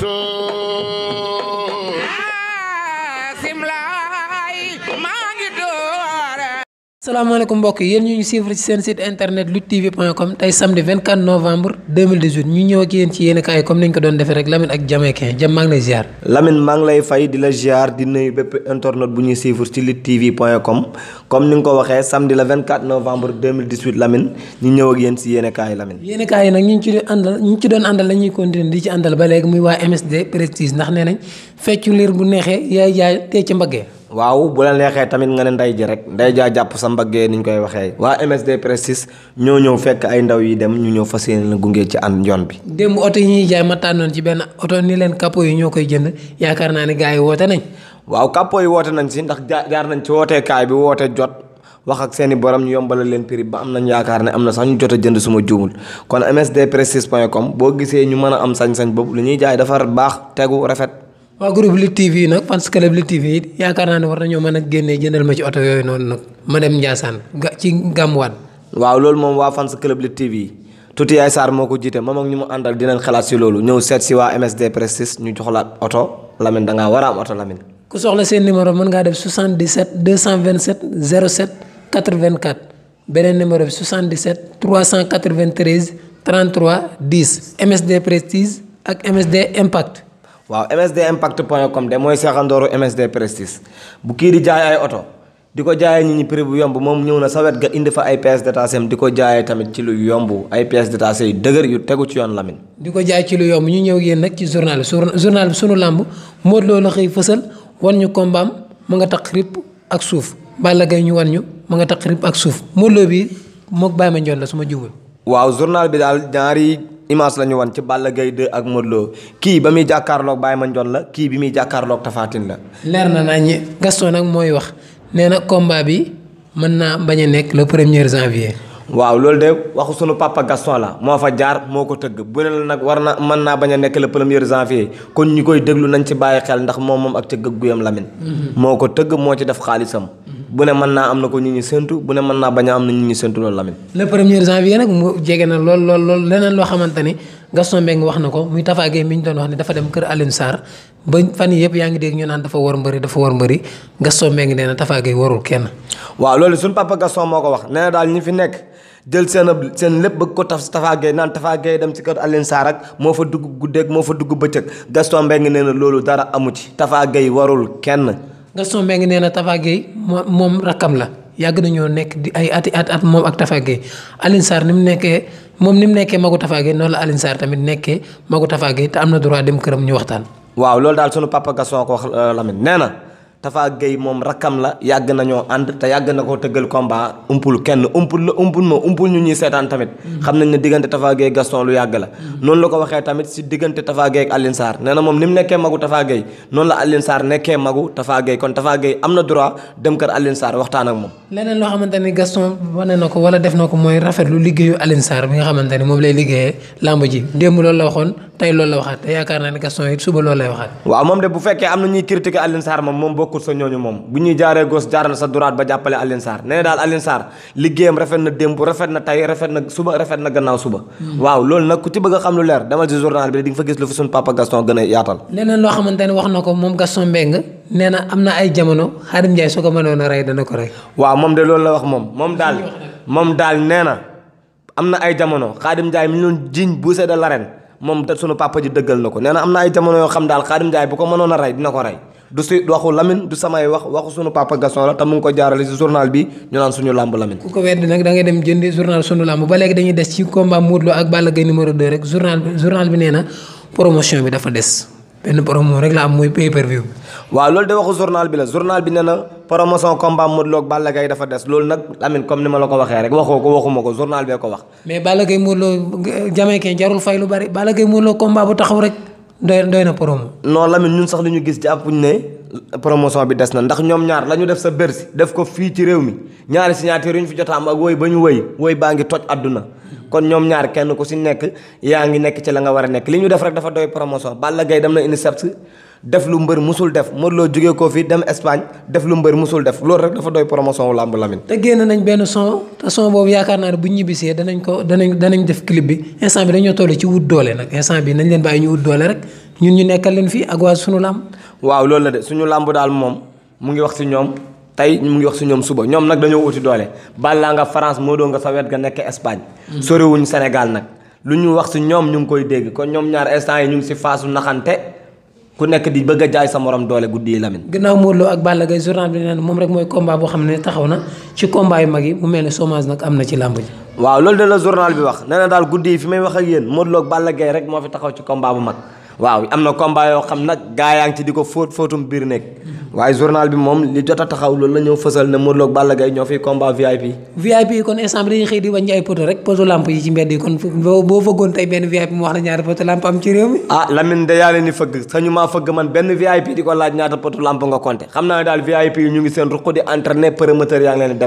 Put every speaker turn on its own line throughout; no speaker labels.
to
salaamaaleykum mbokk yéen ñu ngi suivre ci seen site internet luttetv.com tey samedi 24 novembre 2018 ñu ñëw ak yéen ci yéen kaay comme niñ
ko ci luttetv.com waxee samedi le 24 novembre 2018 Lamine ñu ñëw ak yéen ci yéen kaay Lamine.
yéen kaay nag ñu ci doon àndal la continuer di ci àndal ba léegi muy waa MSD Prestige ndax nee nañ feccu liir bu neexee yaay jaay tee ci mbaggee.
waaw bu la leexee tamit nga ne ndey ji rek ndey jaa jàpp sa mbaggee ñu koy waxee waa MSD Prestige ñoo ñëw fekk ay ndaw yi dem ñu ñëw fa yéene la gunge ci ànd yoon bi démb
oto yi ñuy jaay ma tànnoon ci benn oto ni leen capot yi ñoo koy jënd yaakaar naa ne gaa yi woote nañ
waaw capot yi woote nañ si ndax jaar nañ ci wooteekaay bi woote jot wax ak seeni borom ñu yombala leen prix ba am nañ yaakaar ne am na sax ñu jot a jënd suma juumul kon msdprestige point com boo gisee ñu mën a am sañ-sañ boobu li ñuy jaay dafa baax tegu rafet
waa groupe Lutte TV nag fans club Lutte TV it yaakaar naa ne war nañoo mën a génnee jëndal ma ci oto yooyu noonu nag ma dem Ndiassane ga ci Gamouane.
waaw loolu moom waa fans club Lutte yi tuuti yaay Sarr moo ko jiite moom ak ñu mu àndal dinañ xalaat si loolu ñëw seet si waa MSD Prestige ñu jox la oto Lamine da ngaa war a am oto Lamine.
ku soxla seen numéro mën ngaa def 77 227 07 84 beneen numéro bi 77 393 33 10 MSD Prestige ak MSD Impact.
waaw msd impact point com de mooy seexandooru msd prestige bu kii di jaay ay oto di ko jaayee ñi ñi prix bu yomb moom ñëw na sawet wet ga indi fa ay pièces détachées di ko jaayee tamit ci lu yomb ay pièces détachées yu dëgër yu tegu ci yoon Lamine
di ko jaay ci lu yomb ñu ñëw yéen nag ci journal bi journal bi sunu làmb Modou Lo la xëy fësal wan ñu kombaam mu nga taq ripp ak suuf Balla gay ñu wan ñu mu nga taq ripp ak suuf Modou Lo bi mook Baye Mandione la su ma juumul
waaw journal image la ñu wan ci Balla Gaye ak Modou Lo kii ba muy jàkkaarloog Baye Mandione la kii bi muy jàkkaarloog Tapha la. leer na naa ñi
Gaston nag mooy wax nee na combat bi mën naa bañ a nekk le premier janvier.
waaw loolu de waxu sunu papa Gaston la moo fa jaar moo ko tëgg bu la nag war na mën naa bañ a nekk la premier janvier kon ñu koy déglu nañ ci bàyyi xel ndax moom moom ak ca gëgguyam Lamine. Mhm. moo ko tëgg moo ci def xaalisam. bu ne mën naa am na ko ñu ñu séntu bu ne mën naa bañ a am na ñu ñu séntu loolu Lamine.
le premier janvier nag mu jege na lool lool lool leneen loo xamante ni Gaston Mbengue wax na ko Tafa mi ñu doon wax ne dafa dem kër Alioune Sarr ba fan yëpp yaa ngi dégg ñu naan dafa war mbëri dafa war mbëri Gaston Mbengue nee na Tafa warul kenn.
waaw loolu suñu papa Gaston moo ko wax nee daal ñi fi nekk. jël seen seen lépp bëgg ko taf Tafa naan Tafa Gueye dem ci kër Alioune Sarr ak moo fa dugg guddeeg moo fa dugg bëccëg Gaston Mbengue nee na loolu dara amu ci Tafa Gueye warul kenn
Gaston Mbengue nee na Tafa Gueye moom rakkam la yàgg nañoo nekk di ay ati at at moom ak Tafa Gueye Alioune Sarr ni mu nekkee moom ni mu nekkee magu Tafa Gueye noonu la Alioune tamit nekkee magu Tafa Gueye te am na droit dem këram ñu waxtaan.
waaw loolu daal sunu papa Gaston ko wax euh, Lamine nee Tafa Gueye moom rakkam la yàgg nañoo ànd te yàgg na koo tëggal combat umpul kenn umpul umpul ma umpul ñu ñuy seetaan tamit xam nañ ne diggante Tafa Gueye Gaston lu yàgg la noonu la ko waxee tamit si diggante Tafa Gueye ak Alioune Sarr loo
xamante Gaston wane na ko wala def na ko mooy rafetlu liggéeyu Alioune bi nga xamante moom lay liggéeyee làmb ji démb loolu la waxoon tey loolu la waxaat te yaakaar naa ne Gaston it suba loolu lay waxaat
bokkul sa ñooñu moom bu ñuy jaaree gos jaaral sa duraat ba jàppale Alioune Sarr nee daal Alioune Sarr liggéeyam rafet na démb rafet na tey rafet na suba rafet na gannaaw suba hmm. waaw loolu nag ku ci bëgg xam lu leer demal si journal bi di nga a yaatal
leneen ne wax na ko moom Gaston Mbengue nee na am na ay jamono Khadim Ndiaye su ko mënoon a rey dana ko rey
waaw moom loolu la wax moom moom daal moom da nee na am na ay jamono Khadim Ndiaye mi doon jiñ buuse de l'arène moom sunu papa ji dëggal na ko nee na am na ay jamono yoo xam daal Khadim Ndiaye bu ko mënoon a rey dina ko rey du si waxu Lamine du samay wax waxu sunu papa Gaston la te mu ngi ko jaarale si journal bi ñu naan suñu lamb Lamine. ku ko wedd nag da
dem jëndi journal sunu lamb ba léegi dañuy des ci combat Modou Lo ak na
promotion loolu de waxu journal bi la journal bi nee na promotion combat Modou Lo ak Balla Gaye dafa des loolu nag Lamine comme ni ma la ko waxee rek waxoo ko waxuma ko journal bee ko wax.
mais Balla Gaye Modou Lo Jamaïcain jarul fay lu bari Balla Gaye Modou Lo doy doy na promo.
la Lamine ñun sax li ñu gis ci jàppuñ ne promotion bi des na ndax ñoom ñaar la ñu def sa Bercy def ko fii ci réew mi ñaari signature yu ñu fi jot am ak woy ba ñu woy woy baa ngi toj àdduna kon ñoom ñaari kenn ku si nekk yaa ngi nekk ci la nga war a nekk li ñu def rek dafa doy promotion Balla gay dem na INSEPS def lu mbër musul def Modou Lo jógee koo fii dem def lu mbër musul def loolu rek dafa doy promotion wu làmb Lamine.
te génn nañ benn son te son boobu yaakaar naa ne bu ñibbisee danañ ko danañ danañ def clip bi instant bi dañoo toll ci wut doole nag instant bi nañ leen bàyyi ñu wut doole rek ñu ñu nekkal leen fii ak waa suñu làmb.
waaw loolu la de suñu làmb daal moom mu ngi wax si ñoom tey mu ngi wax si ñoom suba ñoom nag dañoo wuti doole bàllaa nga France moo doo nga sa wet ga nekk Espagne mm. soriwuñ Sénégal nag lu ñu wax si ñoom ñu ngi koy dégg kon ñoom ñaar instant yi ñu ngi si phase su naxante ku nekk di bëgg a jaay sa morom doole guddi yi Lamine.
ginnaaw Modou Lo ak Balla Gaye journal bi nee na moom rek mooy combat boo xam ne taxaw na ci combat yu mag yi mu mel ne chômage nag am na ci làmb ji.
waaw loolu de la journal bi wax nee na daal guddi fi may wax ak yéen Modou Balla Gaye rek moo fi taxaw ci combat bu mag. waaw am na combat yoo xam nag gaa yaa ngi ci di ko fóot fóotum biir nekk waaye journal bi moom li jot a taxaw loolu la ñëw fësal ne Modou Lo ak Balla Gaye ñoo fi combat VIP. yi kon instant bi dañuy xëy
di kon boo fëggoon tey benn VIP mu wax la ñaata poto lamp am ci réew mi.
ah Lamine de yaa leen fëgg sañu maa fëgg man benn VIP di ko laaj ñaata poto lamp nga compté xam naa ne daal VIP yi ñu ngi seen ruq di entraîné promoteur yaa ngi leen di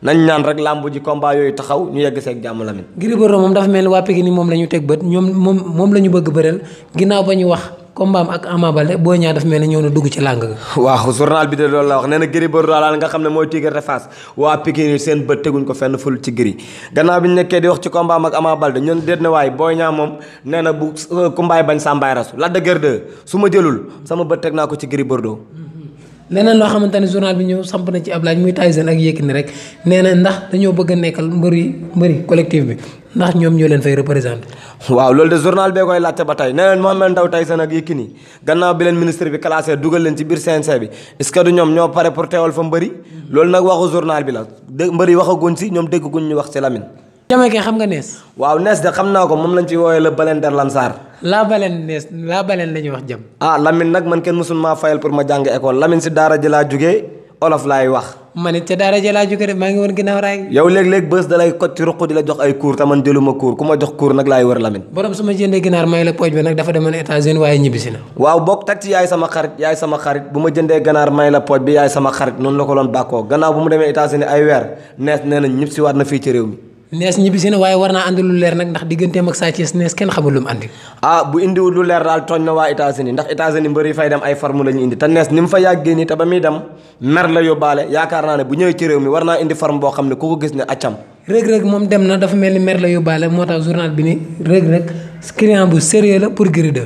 nañ ñaan rek làmb ji yooyu taxaw ñu yegg seeg jàmm Lamine. Gris moom
dafa mel ni waa Pikine moom la ñu teg bët ñoom moom moom bëgg bëreel ginnaaw ba ñu wax combat am ak Ama Baldé Boy Niang dafa mel ni ñëw na dugg
ci làng ga. waaw journal bi de loolu la nee na Gris Bordeaux nga xam ne mooy Tigre de Fass waa Pikine seen bët teguñ ko fenn ful ci Gris gannaaw bi ñu nekkee di wax ci combat am ak Ama Baldé ñun déet na waaye Boy Niang moom nee na bu euh, kumbaay bañ sàmbaay rasu la de guerre de su ma jëlul sama bët teg naa ko ci Gris Bordeaux leneen loo xamante
ne journal bi ñëw samp na ci ab laaj muy Tyson ak Yékini rek nee na ndax dañoo bëgg a nekkal mbëri mbëri collectif bi ndax ñoom ñoo leen fay représenté.
waaw loolu de journal bee koy laajte ba tey nee leen Mohamed Ndao Tyson ak Yékini gannaaw bi leen ministre bi classé dugal leen ci biir CNG bi est-ce que du ñoom ñoo pare pour teewal fa mbëri loolu nag waxu journal bi la mbëri waxaguñ si ñoom dégguñ ñu wax si Lamine Jamaïcain xam nga nees. waaw nees de xam naa ko moom lañ ci woowee la baleine der Lansar.
la baleine nees la baleine la ñuy wax jëm.
ah Lamine nag man kenn mësul maa fayal pour ma jàng école Lamine si daara ji laa jugee olof laay wax.
man it ca daara ji laa jugee de maa ngi woon ginnaaw raay.
yow léeg-léeg bés da lay kot ci ruq di la jox ay cours te man jëluma cours ku ma jox cours nag laay wër Lamine. borom su ma jëndee ginaar may la pooj bi nag dafa demoon états na. waaw boog teg ci yaay sama xarit bu ma jëndee ganaar may la pooj bi yaay la ko doon bàkkoo gannaaw bu mu demee États-Unis ay na ñibbisiwaat ci réew mi
nees ñibbisi na waaye war naa andi lu leer nag ndax digganteem ak Sa Thiès nees kenn xamul lu mu andi.
ah bu indiwul lu leer daal tooñ na waa États-Unis ndax États-Unis mbër yi fay ay forme la ñu indi te nees ni mu fa yàggee dem mer yaakaar naa ne bu ñëwee ci réew mi war naa indi forme boo xam ne ko gis ne accam. rëg moom
dem na dafa ni mer la yóbbaale moo tax journal bi ni rëg-rëg client la pour Gris 2.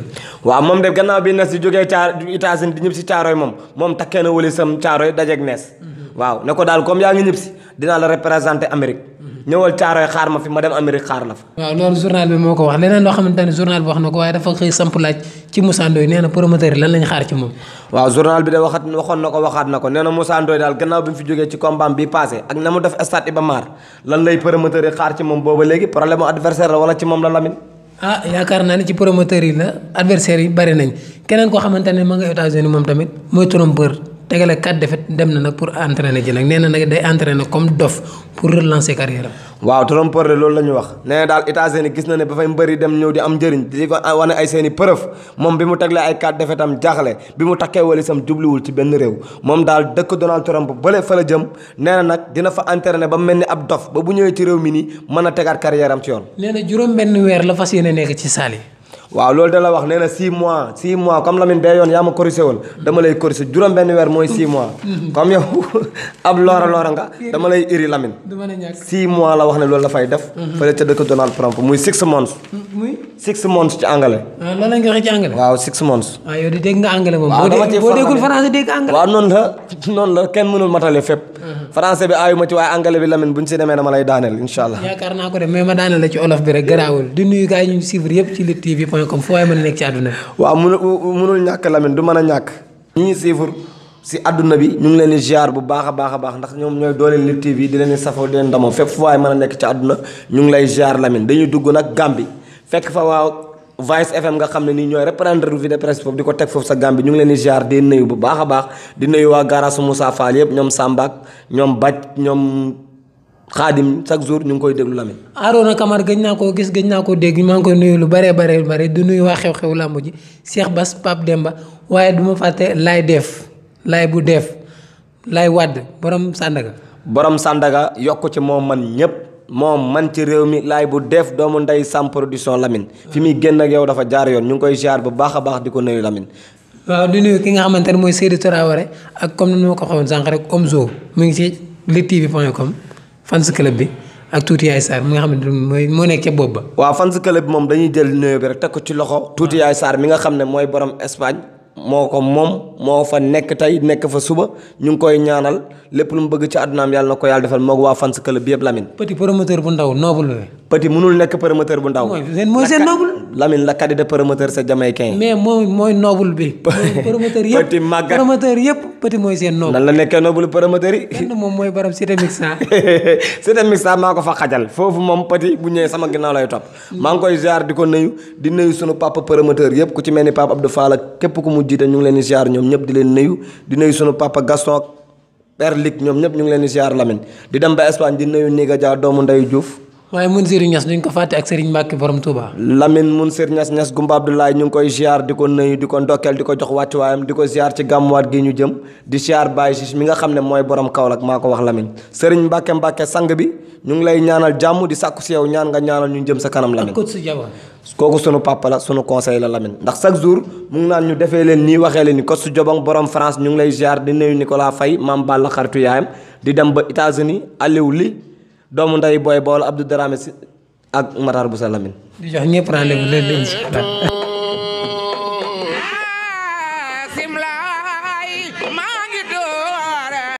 waaw moom de bi nees di jógee caar états si caarooy moom moom takkee na wëli sam caarooy dajeeg nees mm-hmm. waaw ne ko daal comme yaa ngi ñëpp si dinaa la représenter Amérique ñëwal caaroy xaar ma fi ma dem Amérique xaar la fa.
waaw loolu journal bi moo ko wax leneen loo xamante ne journal bi wax na ko waaye dafa xëy samp laaj ci Moussa Ndoye nee na promoteur yi lan lañ xaar ci moom.
waaw journal bi de waxat waxoon moom booba léegi problème mu adversaire la wala ci moom la Lamine.
ah yaakaar naa ne ci promoteur yi la adversaire yi bari nañ keneen koo xamante ne ma nga moom tamit mooy trompeur tegale quatre défaites dem na nag pour entraîner ji nag nee na nag day entraîner comme dof pour relancer carrière
waaw trompeur de loolu la ñu wax nee daal états gis na ne ba fay mbëri dem ñëw di am njëriñ di ko wane ay seen i preuve moom bi mu teglee ay quatre défaites am jaaxle bi mu takkee wala sam jubluwul ci benn réew moom daal dëkk Donald Trump bële fa la jëm nee na nag dina fa entraîner ba mel ni ab dof ba bu ñëwee ci réew mi nii mën a tegaat carrière am ci yoon.
nee na juróom benn weer la fas yéene nekk ci saali.
waaw loolu da la wax nee na 6 mois 6 mois comme Lamine bee yoon yaa ma corrigé woon dama lay corrigé juróom benn weer mooy 6 mois comme yow ab loora loora nga dama lay iri Lamine 6 mois la wax ne loolu la mhm. ah, ci anglais waaw 6 months
waaw ah, di dégg nga anglais moom boo déggul
mhm. français bi aayuma ci waaye anglais bi Lamine bu ñu si demee dama lay daaneel incha allah
yaakaar naa ko de mais ma daaneel la ci olof bi rek garaawul di nuyu gars yi ñu suivre yëpp ci Lutte TV la comme foo mën a nekk ci àdduna
bi. waaw mënu ñàkk Lamine du mën a ñàkk. ñi siifur si àdduna bi ñu ngi leen di ziar bu baax a baax a baax ndax ñoom ñooy dooleel Lutte TV di leen di safoo di leen ndamoo fépp fu waay mën a nekk ci àdduna ñu ngi lay dugg nag Gàmbi fekk fa waaw Vice FM nga xam ne nii ñooy reprendre revue de presse foofu di ko teg foofu sa Gàmbi ñu ngi leen di ziar di bu baax a baax di nuyu waa garage Moussa Fall yëpp ñoom Samba ak ñoom Baj ñoom xaadim chaque jour ñu ngi koy déglu Lamine.
Arona Camara gëj naa koo gis gëj naa ko dégg ma ngi koy nuyu lu bare bare bare du nuyu waa xew-xew làmb ji Cheikh Bass Pape Demba waaye du ma fàtte Laay Def Laay bu Def Laay Wàdd borom Sandaga.
borom Sandaga yokk ci moom man ñëpp moom man ci réew mi Laay bu Def doomu ndey Sam production fi muy génn ak yow dafa jaar yoon ñu ngi koy ziar bu baax a baax di ko nuyu Lamine.
waaw di nuyu ki nga xamante ne mooy Seydou Traoré ak comme ni sànq rek Omzo mu ngi ci luttetv.com. fans club bi ak tuuti yaay Sarr mi nga xam ne mooy moo nekk ca bopp ba.
waaw fans club moom dañuy jël nuyoo bi rek teg ko ci loxo. tuuti ah. yaay Sarr mi nga xam ne mooy borom Espagne. moo ko moom moo fa nekk tey nekk fa suba ñu ngi koy ñaanal lépp lu mu bëgg ci àddunaam yàlla na ko yàlla defal moo waa fans club bi yëpp Lamine.
petit promoteur bu ndaw
noble bi. petit mënul la cadet de promoteur c'est yëpp petit màggat promoteur yëpp petit mooy seen noble. nan la nekkee noble promoteur maa ko fa xajal foofu moom petit bu ñëwee sama ginnaaw lay topp. maa ngi koy ziar di ko nuyu di nuyu sunu papa promoteur yëpp ku ci mel ni papa Abdou Fall ak képp ku mu jiite ñu ngi leen di ziar ñoom ñëpp di leen nuyu di nuyu sunu papa Gaston ak Père Lick ñoom ñëpp ñu ngi leen di ziar Lamine di dem ba Espagne di nuyu Ndiga Dia doomu Ndeye Diouf
waaye mun Niass duñ ko fàtte ak Serigne Mbacke borom Touba.
Lamine Mounir Niass Niass Gumba Abdoulaye ñu ngi koy ziar di ko nuyu di ko ndokkeel di ko jox wàccuwaayam di ko ziar ci gàmmuwaat gi ñu jëm di ziar Baye Ciss mi nga xam ne mooy borom Kaolack maa ko wax Lamine Serigne Mbacke Mbacke sang bi ñu ngi lay ñaanal jàmm di sàkku si yow ñaan nga ñaanal ñu jëm sa kanam Lamine. kooku sunu papa la sunu conseil la Lamine ndax chaque jour mu ngi naan ñu defee leen nii waxee leen ni ko su jobang borom France ñu ngi lay ziar di nuyu Nicolas Faye maam Balla xaritu yaayam di dem ba États-Unis Aliou li doomu nday booy bool Abdou Dramé si ak Matar Boussa Lamine.
di